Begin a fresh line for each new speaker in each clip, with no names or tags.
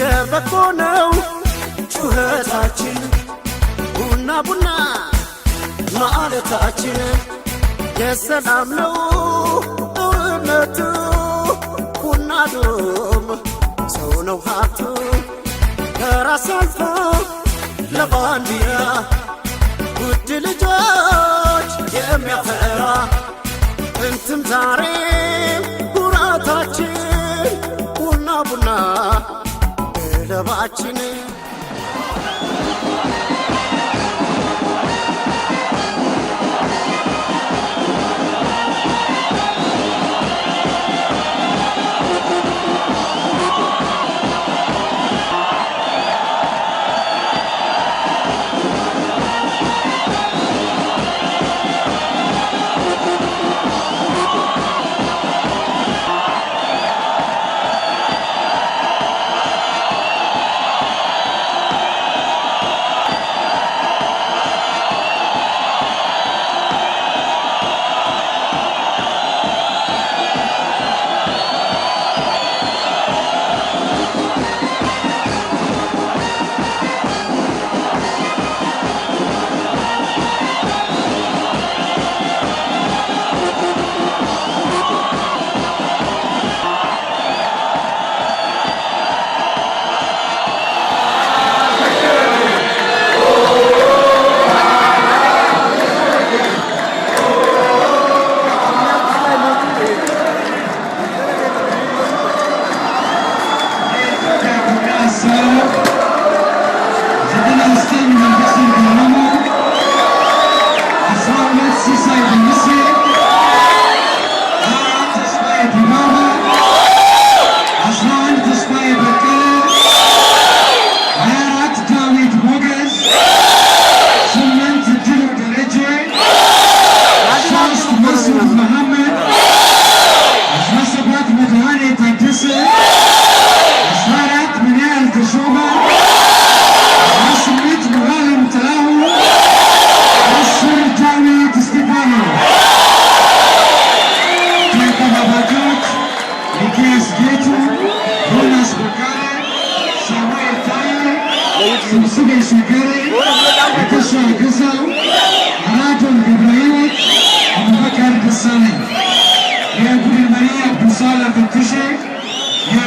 የበጎ ነው ጩኸታችን ቡና ቡና ማለታችን የሰላም ነው እውነቱ ሁናዱም ሰው ነው ሀብቱ ከራስ አልፎ ለባንዲያ ውድ ልጆች የሚያፈራ እንትን ዛሬ ኩራታችን ቡና ቡና እለባችን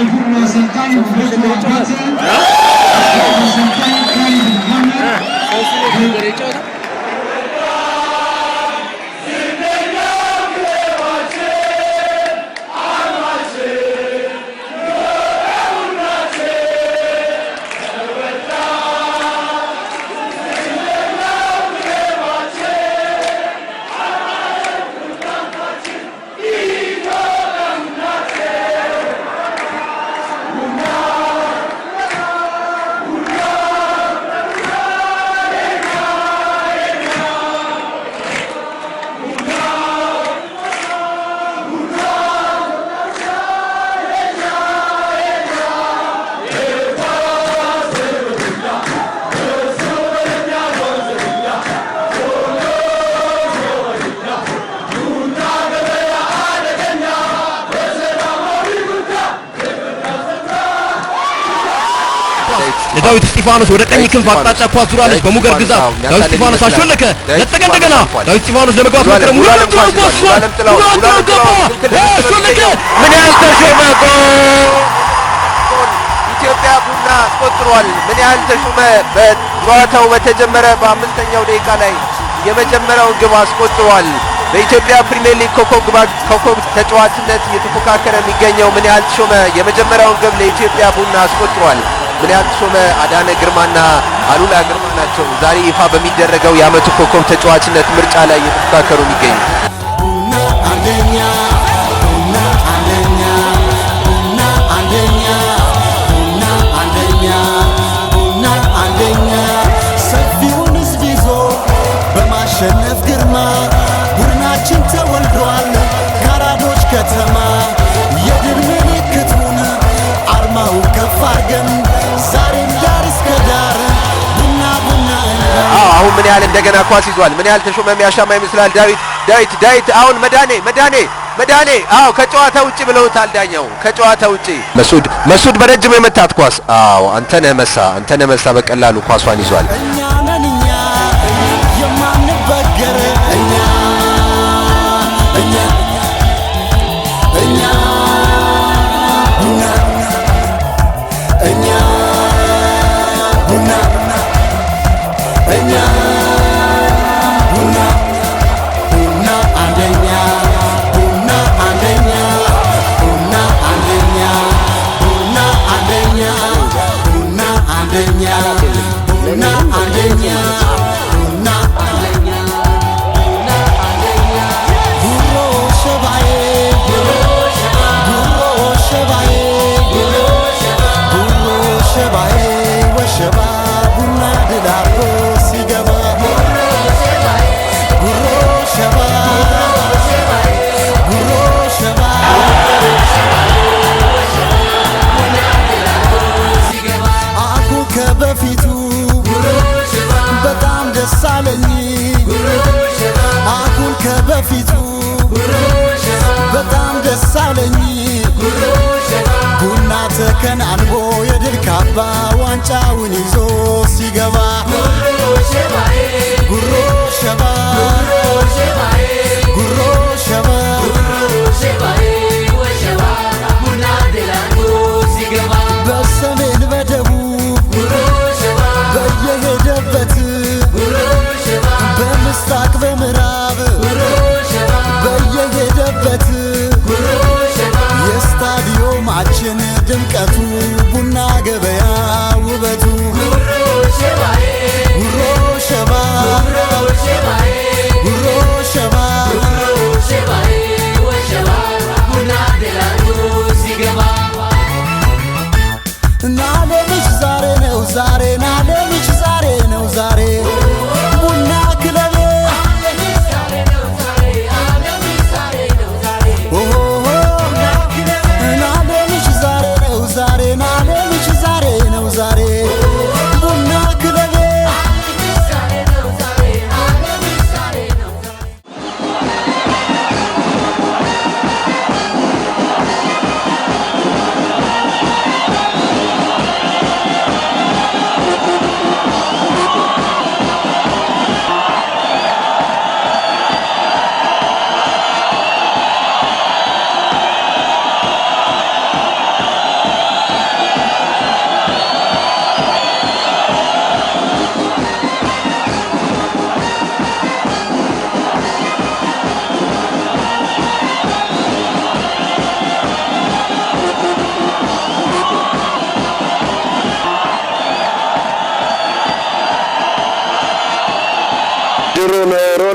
al fútbol ዳዊት እስጢፋኖስ ወደ ቀኝ ክንፍ አቅጣጫ ኳስ ዙራለች። በሙገር ግዛት ዳዊት እስጢፋኖስ አሾለከ። ለጠቀ እንደገና ዳዊት እስጢፋኖስ ለመግባት ወደ ሙሉ ለጥሎ ኳሷል። ምን ያህል ተሾመ። ኢትዮጵያ ቡና አስቆጥሯል። ምን ያህል ተሾመ በጨዋታው በተጀመረ በአምስተኛው ደቂቃ ላይ የመጀመሪያውን ግብ አስቆጥሯል። በኢትዮጵያ ፕሪሚየር ሊግ ኮከብ ተጫዋችነት እየተፎካከረ የሚገኘው ምን ያህል ተሾመ የመጀመሪያውን ግብ ለኢትዮጵያ ቡና አስቆጥሯል። ምንያህል ተሾመ፣ አዳነ ግርማና አሉላ ግርማ ናቸው ዛሬ ይፋ በሚደረገው የአመቱ ኮከብ ተጫዋችነት ምርጫ ላይ እየተፎካከሩ የሚገኙ ምን ያህል እንደገና ኳስ ይዟል። ምን ያህል ተሾመ የሚያሻማ ይመስላል። ዳዊት ዳዊት ዳዊት አሁን መዳኔ መዳኔ መዳኔ አዎ፣ ከጨዋታ ውጪ ብለውታል ዳኛው። ከጨዋታ ውጪ መሱድ መሱድ በረጅም የመታት ኳስ አዎ፣ አንተነህ መሳ አንተነህ መሳ በቀላሉ ኳሷን ይዟል። እኛ አለኝ ቡና ተከናንቦ የድል ካባ ዋንጫውን ይዞ ሲገባ ጉሮ ሸባ ጉሮ ሸባ በሰሜን በምዕራብ በየሄደበት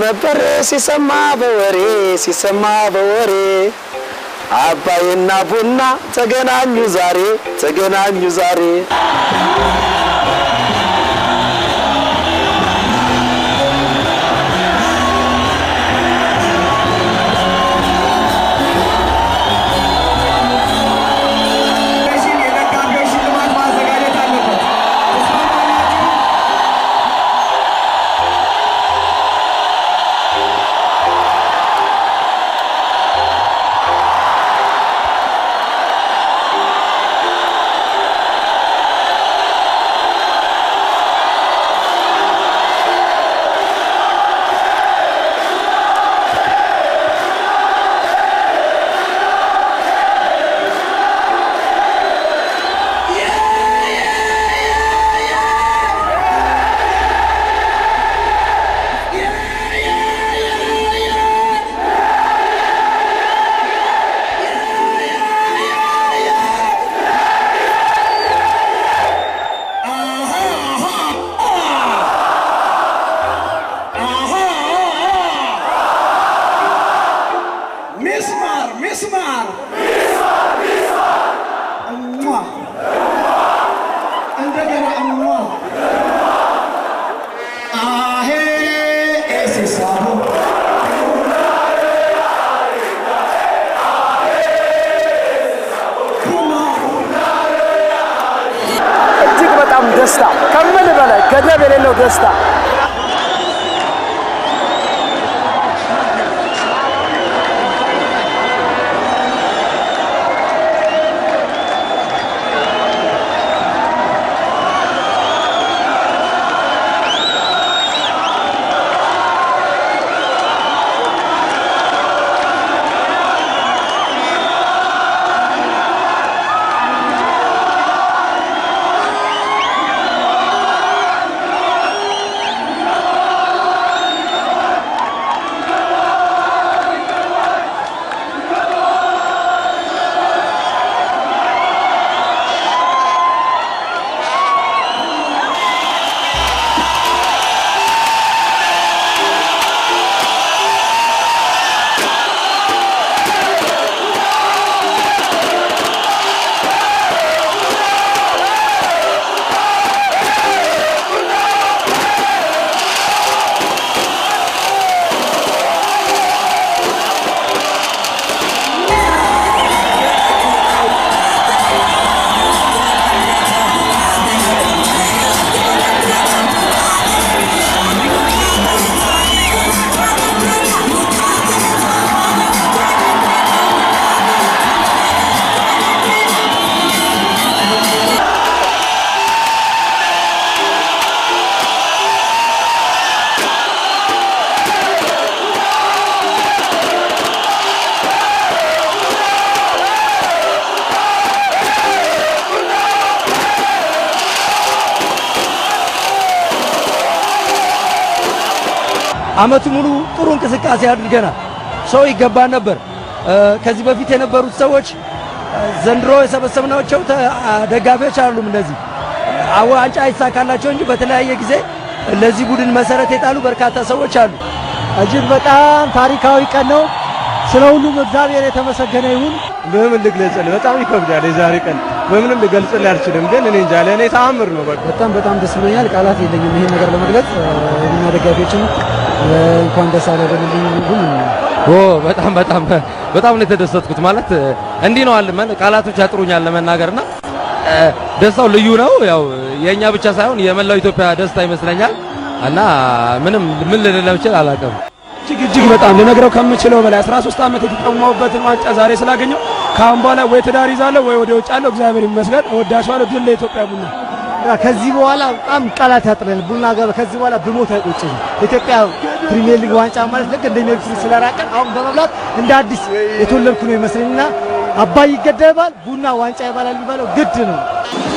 ነበር ሲሰማ በወሬ ሲሰማ በወሬ አባይና ቡና ተገናኙ ዛሬ ተገናኙ ዛሬ veremos el otro está. አመቱ ሙሉ ጥሩ እንቅስቃሴ አድርገናል። ሰው ይገባን ነበር። ከዚህ በፊት የነበሩት ሰዎች ዘንድሮ የሰበሰብናቸው ደጋፊዎች አሉም እንደዚህ ዋንጫ አይሳካላቸው እንጂ በተለያየ ጊዜ ለዚህ ቡድን መሰረት የጣሉ በርካታ ሰዎች አሉ። እጅግ በጣም ታሪካዊ ቀን ነው። ስለ ሁሉም እግዚአብሔር የተመሰገነ ይሁን። በምን ልግለጽልህ? በጣም ይከብዳል። የዛሬ ቀን በምንም ልገልጽልህ አልችልም፣ ግን እኔ እንጃ ለእኔ ተአምር ነው። በቃ በጣም በጣም ደስ ብሎኛል። ቃላት የለኝም ይሄን ነገር ለመግለጽ እና ደጋፊዎችን እንኳን ደስ አለ በጣም በጣም በጣም ነው የተደሰትኩት። ማለት እንዲህ ነው አለ ቃላቶች ያጥሩኛል ለመናገርና ደስታው ልዩ ነው። ያው የእኛ ብቻ ሳይሆን የመላው ኢትዮጵያ ደስታ ይመስለኛል እና ምንም ምን ልልለው ይችል አላውቅም። እጅግ እጅግ በጣም ልነግረው ከምችለው በላይ 13 ዓመት የተጠማሁበትን ዋንጫ ዛሬ ስላገኘው ከአሁን በኋላ ወይ ትዳር ይዛለሁ ወይ ወደ ውጭ አለሁ። እግዚአብሔር ይመስገን። እወዳቸዋለሁ። ድል ለኢትዮጵያ ቡና ከዚህ በኋላ በጣም ቃላት ያጥረን ቡና ጋር ከዚህ በኋላ ብሞት አይቆጭም። ኢትዮጵያ ፕሪሚየር ሊግ ዋንጫ ማለት ልክ እንደሚወክስ ስለራቀን አሁን በመብላት እንደ አዲስ የተወለድኩ ነው ይመስለኝና አባይ ይገደባል፣ ቡና ዋንጫ ይባላል የሚባለው ግድ ነው።